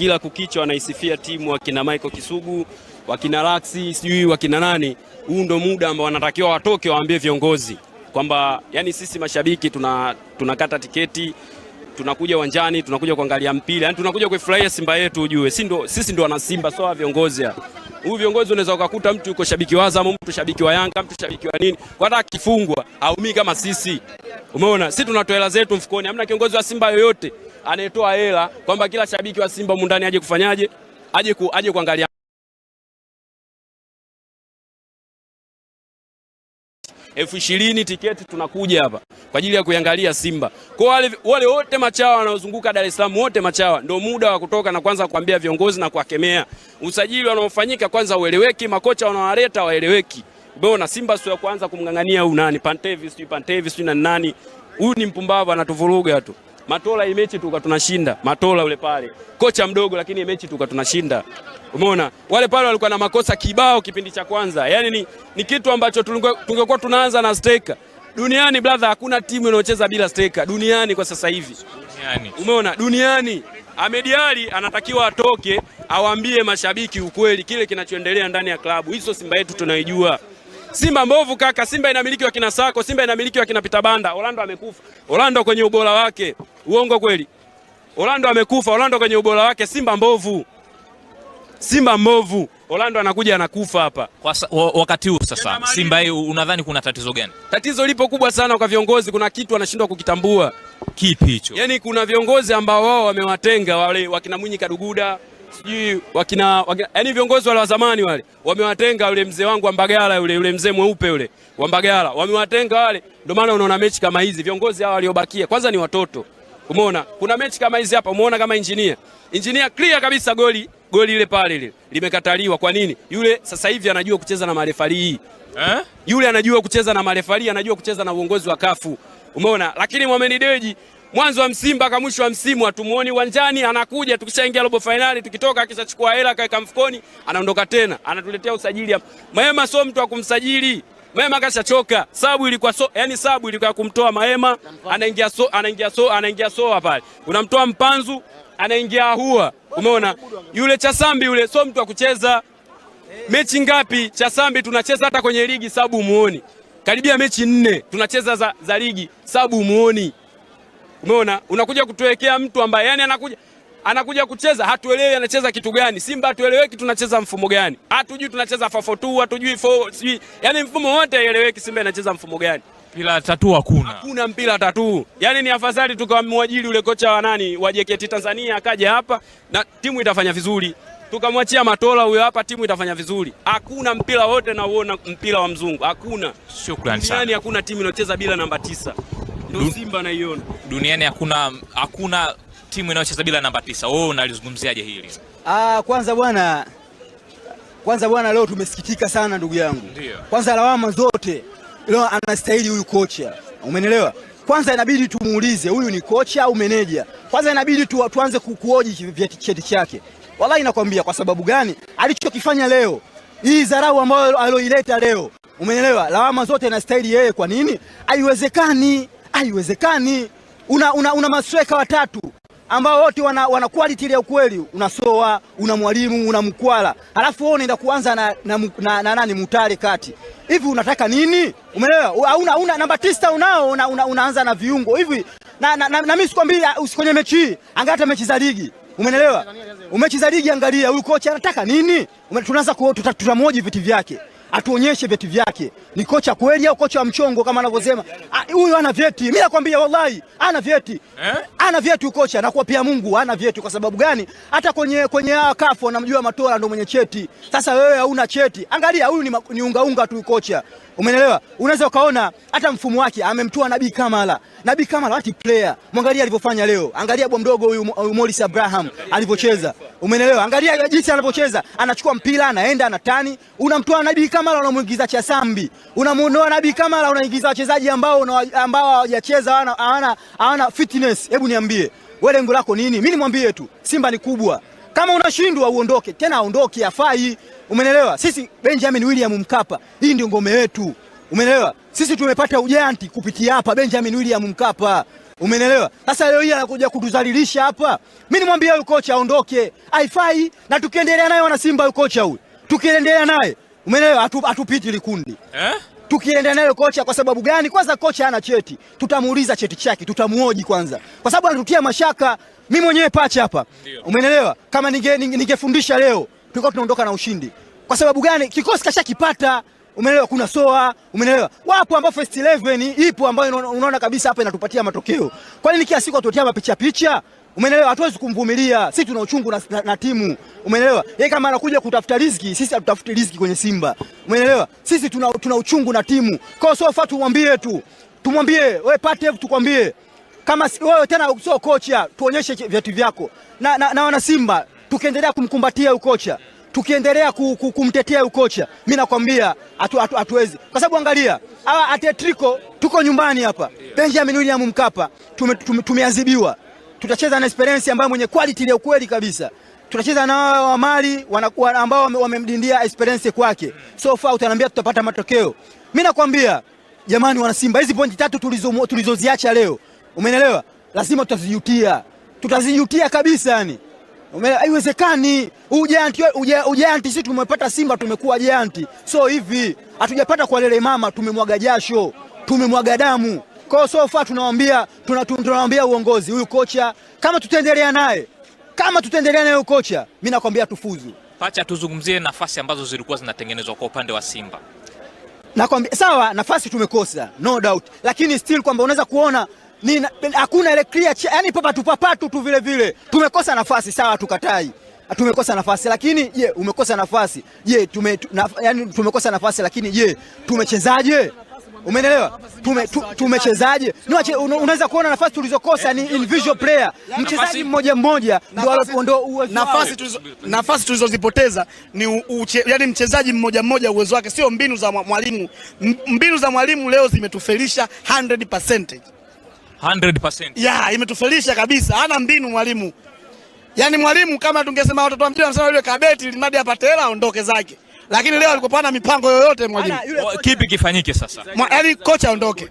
kila kukicha wanaisifia timu wakina Michael Kisugu, wakina Laksi, sijui wakina nani. Huu ndo muda ambao wanatakiwa watoke waambie viongozi kwamba yani sisi mashabiki tuna tunakata tiketi tunakuja uwanjani tunakuja kuangalia mpira yani tunakuja kuifurahia Simba yetu ujue, si ndo sisi ndo wana Simba wa Viongozi huyu viongozi unaweza ukakuta mtu yuko shabiki wa Azam, mtu shabiki wa Yanga, mtu shabiki wa nini, kwa hata akifungwa haumii kama sisi. Umeona, sisi tunatoa hela zetu mfukoni, hamna kiongozi wa Simba yoyote anayetoa hela kwamba kila shabiki wa Simba mundani aje kufanyaje, aje ku, aje kuangalia elfu ishirini tiketi, tunakuja hapa kwa ajili ya kuiangalia Simba. Kwa wale wale wote machawa wanaozunguka Dar es Salaam, wote machawa, ndio muda wa kutoka na kwanza kuambia viongozi na kuwakemea. Usajili wanaofanyika kwanza ueleweki, makocha wanawaleta waeleweki. Bona Simba sio kuanza kumng'ang'ania huyu nani Pantevi, sio Pantevi, sio na nani huyu, ni mpumbavu anatuvuruga tu. Matola hii mechi tuka tunashinda. Matola ule pale. Kocha mdogo lakini mechi tuka tunashinda. Umeona? Wale pale walikuwa na makosa kibao kipindi cha kwanza. Yaani ni, ni kitu ambacho tungekuwa tunaanza na striker. Duniani brother, hakuna timu inayocheza bila striker duniani kwa sasa hivi. Duniani. Umeona? Duniani. Ahmed anatakiwa atoke awambie mashabiki ukweli kile kinachoendelea ndani ya klabu. Hizo Simba yetu tunaijua. Simba mbovu kaka, Simba inamiliki wakina Sako, Simba inamiliki wa Pita Banda. Orlando amekufa. Orlando kwenye ubora wake. Uongo kweli? Orlando amekufa. Orlando kwenye ubora wake. Simba mbovu. Simba mbovu. Orlando anakuja anakufa hapa. Kwa wakati huu sasa Simba hii unadhani kuna tatizo gani? Tatizo lipo kubwa sana kwa viongozi, kuna kitu anashindwa kukitambua. Kipi hicho? Yaani kuna viongozi ambao wao wamewatenga wale wakina Mwinyi Kaduguda, sijui wakina, wakina yani viongozi wale wa zamani wale wamewatenga. Yule mzee wangu wa Mbagala yule yule mzee mweupe yule wa Mbagala wamewatenga wale, ndio maana unaona mechi kama hizi viongozi hawa waliobakia kwanza ni watoto. Umeona kuna mechi kama hizi hapa, umeona kama injinia injinia, clear kabisa goli goli ile pale ile limekataliwa. Kwa nini? Yule sasa hivi anajua kucheza na hii eh? Yule anajua kucheza na marefali, anajua kucheza na uongozi wa kafu, umeona. Lakini Mohamed Dewji mwanzo wa msimu mpaka mwisho wa msimu hatumuoni uwanjani, anakuja tukishaingia robo fainali, tukitoka akishachukua hela kaeka mfukoni, anaondoka tena, anatuletea usajili hapa. Mahema sio mtu wa kumsajili. Mahema kashachoka. Sabu ilikuwa so, yani sabu ilikuwa ya kumtoa Mahema, anaingia so, anaingia so, anaingia so pale. Unamtoa Mpanzu, anaingia hua. Umeona? Yule Chasambi yule sio mtu wa kucheza. Mechi ngapi Chasambi tunacheza hata kwenye ligi sabu muoni. Karibia mechi nne tunacheza za, za ligi sabu muoni. Umeona, unakuja kutuwekea mtu ambaye yani anakuja anakuja kucheza, hatuelewi anacheza kitu gani. Simba hatueleweki, tunacheza mfumo gani? Hatujui tunacheza 442 hatujui 4 sijui, yani mfumo wote haieleweki. Simba inacheza mfumo gani? Mpira tatu hakuna, hakuna mpira tatu. Yani ni afadhali tukamwajiri yule kocha wa nani wa JKT Tanzania akaje hapa na timu itafanya vizuri, tukamwachia Matola huyo hapa, timu itafanya vizuri. Hakuna mpira wote na uona mpira wa mzungu hakuna. Shukrani sana. hakuna timu inocheza bila namba tisa. Ndio Simba naiona. Duniani hakuna hakuna timu inayocheza bila namba tisa. Wewe unalizungumziaje hili? Ah, kwanza bwana kwanza bwana, leo tumesikitika sana ndugu yangu. Ndiyo. Kwanza lawama zote leo anastahili huyu kocha, umenelewa? Kwanza inabidi tumuulize huyu ni kocha au meneja. Kwanza inabidi tu, tuanze kuoji cheti chake. Wallahi nakwambia, kwa sababu gani alichokifanya leo, hii dharau ambayo aloileta leo, umenelewa? Lawama zote inastahili yeye. Kwa nini? Haiwezekani haiwezekani. Una, una, una masweka watatu ambao wote wana, wana quality ya ukweli. unasoa una Mwalimu, una Mkwala, alafu wewe unaenda kuanza na, na, na, na, na nani Mutale kati hivi, unataka nini? Umeelewa? Una, una, namba tisa unao una, una, unaanza na viungo hivi na, na, na, na mimi sikwambia ah, usikwenye mechi hii, angalia hata mechi za ligi Umenelewa? Umechi za ligi, angalia huyu kocha anataka nini? Tunaanza tutamoji viti vyake atuonyeshe vyeti vyake, ni kocha kweli au kocha wa mchongo kama anavyosema ah, huyu. Ana vyeti, mimi nakwambia wallahi, ana vyeti eh? Ana vyeti kocha, na pia Mungu ana vyeti. Kwa sababu gani? Hata kwenye kwenye kafu anamjua Matola ndo mwenye cheti. Sasa wewe hauna cheti, angalia huyu ni, ni unga unga tu kocha, umeelewa? Unaweza ukaona hata mfumo wake amemtua Nabii Kamala. Nabii Kamala ati player, mwangalia alivyofanya leo, angalia bwa mdogo huyu Morris Abraham alivyocheza Umenelewa? Angalia jinsi anapocheza, anachukua mpira anaenda anatani, unamtoa Nabi Kamara unamuingiza Chasambi, unamuondoa Nabi Kamara unaingiza wachezaji ambao ambao hawajacheza hawana hawana fitness. Hebu niambie wewe, lengo lako nini? Mimi nimwambie tu Simba ni kubwa, kama unashindwa uondoke tena, aondoke afai. Umenelewa? Sisi Benjamin William Mkapa, hii ndio ngome yetu. Umenelewa? Sisi tumepata ujanti kupitia hapa Benjamin William Mkapa. Umenelewa? Sasa leo hii anakuja kutuzalilisha hapa. Mimi nimwambia huyu kocha aondoke. Haifai na tukiendelea naye wana Simba huyu kocha huyu. Tukiendelea naye. Umenelewa? Atu, atupiti likundi. Eh? Tukiendelea naye kocha kwa sababu gani? Kwanza kocha ana cheti. Tutamuuliza cheti chake, tutamuoji kwanza. Kwa sababu anatutia mashaka. Mimi mwenyewe pacha hapa. Umenelewa? Kama ningefundisha ninge, ninge leo tulikuwa tunaondoka na ushindi. Kwa sababu gani? Kikosi kashakipata. Umeelewa? Kuna soa, umeelewa? Wapo ambao first 11 ipo ambayo unaona kabisa hapa inatupatia matokeo. Kwa nini kila siku atotia mapicha picha? Umeelewa? Hatuwezi kumvumilia. Sisi tuna uchungu na, na, na timu. Umeelewa? Yeye kama anakuja kutafuta riziki, sisi hatutafuti riziki kwenye Simba. Umeelewa? Sisi tuna, tuna uchungu na timu. Kwa hiyo sofa tumwambie tu. Tumwambie, wewe Patev tukwambie. Kama wewe tena sio kocha, tuonyeshe vyatu vyako. Na na, na wana Simba tukiendelea kumkumbatia ukocha tukiendelea kumtetea ukocha, mi nakwambia hatuwezi, kwa sababu angalia hawa atetriko, tuko nyumbani hapa Benjamin William Mkapa, tumeadhibiwa. Tutacheza na Esperance ambayo mwenye quality ya ukweli kabisa tunacheza na wao wa Mali ambao wamemdindia Esperance kwake. So far utaniambia tutapata matokeo? Mimi nakwambia jamani, wana Simba, hizi pointi tatu tulizoziacha tulizo leo, umeelewa, lazima tutazijutia, tutazijutia kabisa yani. Haiwezekani ujanti, ujanti. Sisi tumepata Simba, tumekuwa janti, so hivi hatujapata kwa lele mama. Tumemwaga jasho, tumemwaga damu hiyo So far tunawaambia, tunawaambia uongozi huyu kocha, kama tutaendelea naye, kama tutaendelea naye kocha, mimi nakwambia tufuzu. Pacha, tuzungumzie nafasi ambazo zilikuwa zinatengenezwa kwa upande wa Simba. Nakwambia sawa, nafasi tumekosa no doubt, lakini still kwamba unaweza kuona hakuna ile clear, yani papa tu papa tu tu vile vile. Tumekosa nafasi sawa, tukatai tumekosa nafasi lakini je, yeah, umekosa nafasi je, yeah, tume, na, yani, tumekosa nafasi lakini je, yeah, tumechezaje? Umeelewa? Tume, tu, tumechezaje? Niwache unaweza kuona nafasi tulizokosa ni individual player. Mchezaji mmoja mmoja ndio alipondo uwezo. Nafasi tulizo nafasi tulizozipoteza ni uche, yani mchezaji mmoja mmoja uwezo wake sio mbinu za mwalimu. Mbinu za mwalimu leo zimetufelisha 100%. 100%. Ya, imetufelisha kabisa. Hana mbinu mwalimu. Yaani mwalimu kama tungesema watoto wa mpira wanasema yule kabeti ili mradi apate hela aondoke zake. Lakini leo alikuwa mipango yoyote mwalimu. kipi kifanyike sasa? Yaani kocha aondoke.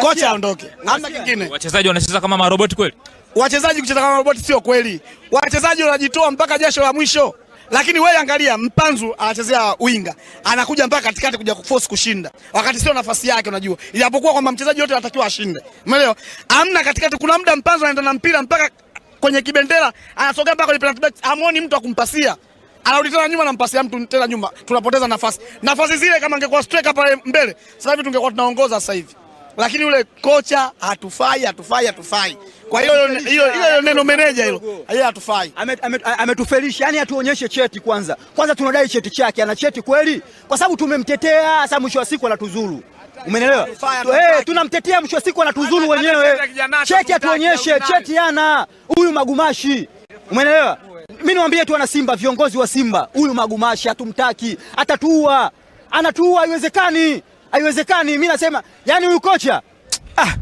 Kocha aondoke. Hamna kingine. Wachezaji wanacheza kama maroboti kweli? Wachezaji kucheza kama maroboti sio kweli. Wachezaji wanajitoa mpaka jasho la mwisho. Lakini wewe angalia, Mpanzu anachezea winga, anakuja mpaka katikati kuja kuforce kushinda, wakati sio nafasi yake. Unajua, ijapokuwa kwamba mchezaji yote anatakiwa ashinde, umeelewa? Amna katikati, kuna muda Mpanzu anaenda na mpira mpaka kwenye kibendera, anasogea mpaka kwenye penalty box, amuoni mtu akumpasia anarudi tena nyuma nampasia mtu tena nyuma, tunapoteza nafasi. Nafasi zile kama angekuwa striker pale mbele, sasa hivi tungekuwa tunaongoza sasa hivi, lakini yule kocha hatufai, hatufai, hatufai. Kwa hiyo hiyo neno meneja hilo hatufai, ametufelisha yani, atuonyeshe cheti kwanza. Kwanza tunadai cheti chake, ana cheti kweli? Kwa sababu tumemtetea, sasa mwisho wa siku anatuzuru. Umenelewa? Eh, tunamtetea, mwisho wa siku anatuzuru wenyewe. Cheti atuonyeshe, cheti ana huyu Magumashi. Umenelewa? Mimi niwaambie tu wana Simba, viongozi wa Simba, huyu Magumashi hatumtaki, atatuua, anatuua. Haiwezekani, haiwezekani. Mimi nasema yani huyu kocha ah,